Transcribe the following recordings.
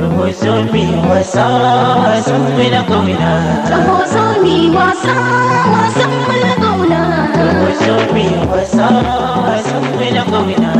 Tuhuuzuni wasa wasa mina kauna Tuhuuzuni wasa wasa mina kauna Tuhuuzuni wasa wasa mina kauna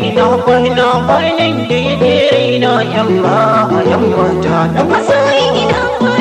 raina kwana bayan da ya ke raina yamma a yamma ta na masoyi ina kwana